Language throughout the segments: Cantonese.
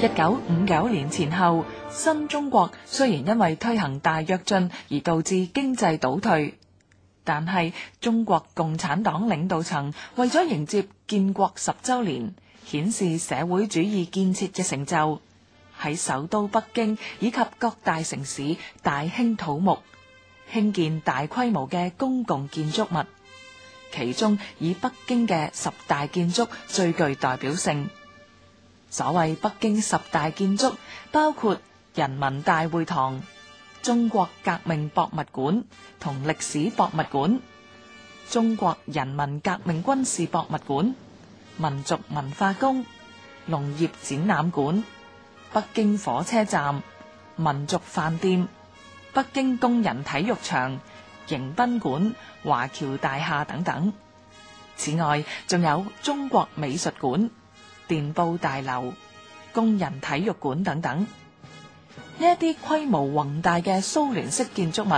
一九五九年前後，新中國雖然因為推行大躍進而導致經濟倒退，但係中國共產黨領導層為咗迎接建國十周年，顯示社會主義建設嘅成就，喺首都北京以及各大城市大興土木，興建大規模嘅公共建築物，其中以北京嘅十大建築最具代表性。所謂北京十大建築，包括人民大會堂、中國革命博物館同歷史博物館、中國人民革命軍事博物館、民族文化宮、農業展覽館、北京火車站、民族飯店、北京工人體育場、迎賓館、華僑大廈等等。此外，仲有中國美術館。電報大樓、工人體育館等等，呢一啲規模宏大嘅蘇聯式建築物，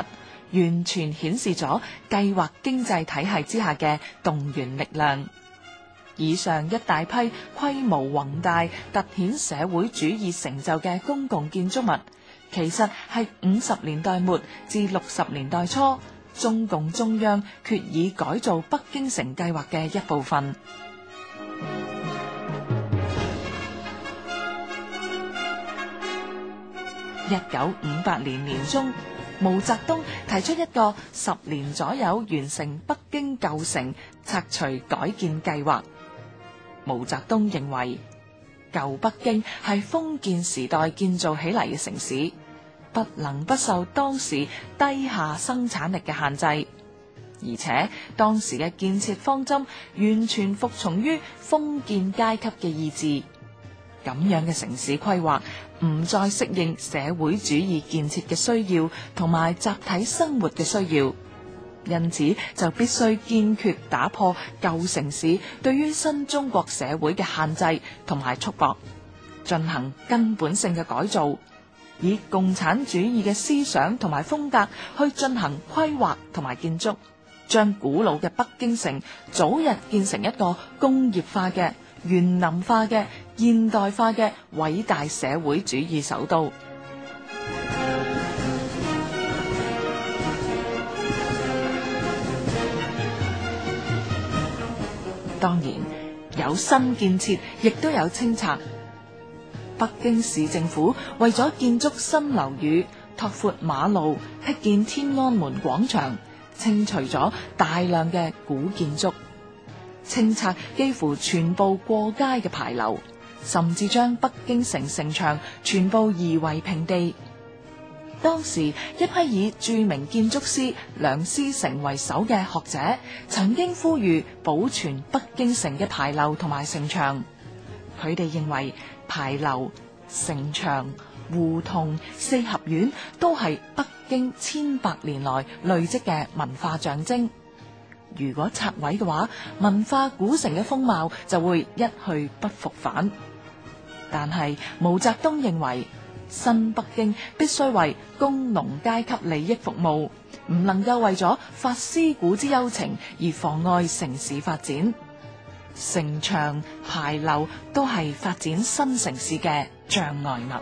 完全顯示咗計劃經濟體系之下嘅動員力量。以上一大批規模宏大、凸顯社會主義成就嘅公共建築物，其實係五十年代末至六十年代初中共中央決意改造北京城計劃嘅一部分。一九五八年年中，毛澤東提出一個十年左右完成北京舊城拆除改建計劃。毛澤東認為，舊北京係封建時代建造起嚟嘅城市，不能不受當時低下生產力嘅限制，而且當時嘅建設方針完全服從於封建階級嘅意志。咁樣嘅城市規劃唔再適應社會主義建設嘅需要同埋集體生活嘅需要，因此就必須堅決打破舊城市對於新中國社會嘅限制同埋束縛，進行根本性嘅改造，以共產主義嘅思想同埋風格去進行規劃同埋建築，將古老嘅北京城早日建成一個工業化嘅園林化嘅現代化嘅偉大社會主義首都。當然有新建設，亦都有清拆。北京市政府為咗建築新樓宇、拓闊馬路、辟建天安門廣場，清除咗大量嘅古建築。清拆幾乎全部過街嘅牌樓，甚至將北京城城牆全部夷為平地。當時一批以著名建築師梁思成為首嘅學者，曾經呼籲保存北京城嘅牌樓同埋城牆。佢哋認為，牌樓、城牆、胡同、四合院都係北京千百年來累積嘅文化象徵。如果拆毀嘅話，文化古城嘅風貌就會一去不復返。但係毛澤東認為，新北京必須為工農階級利益服務，唔能夠為咗發思古之幽情而妨礙城市發展。城牆、牌樓都係發展新城市嘅障礙物。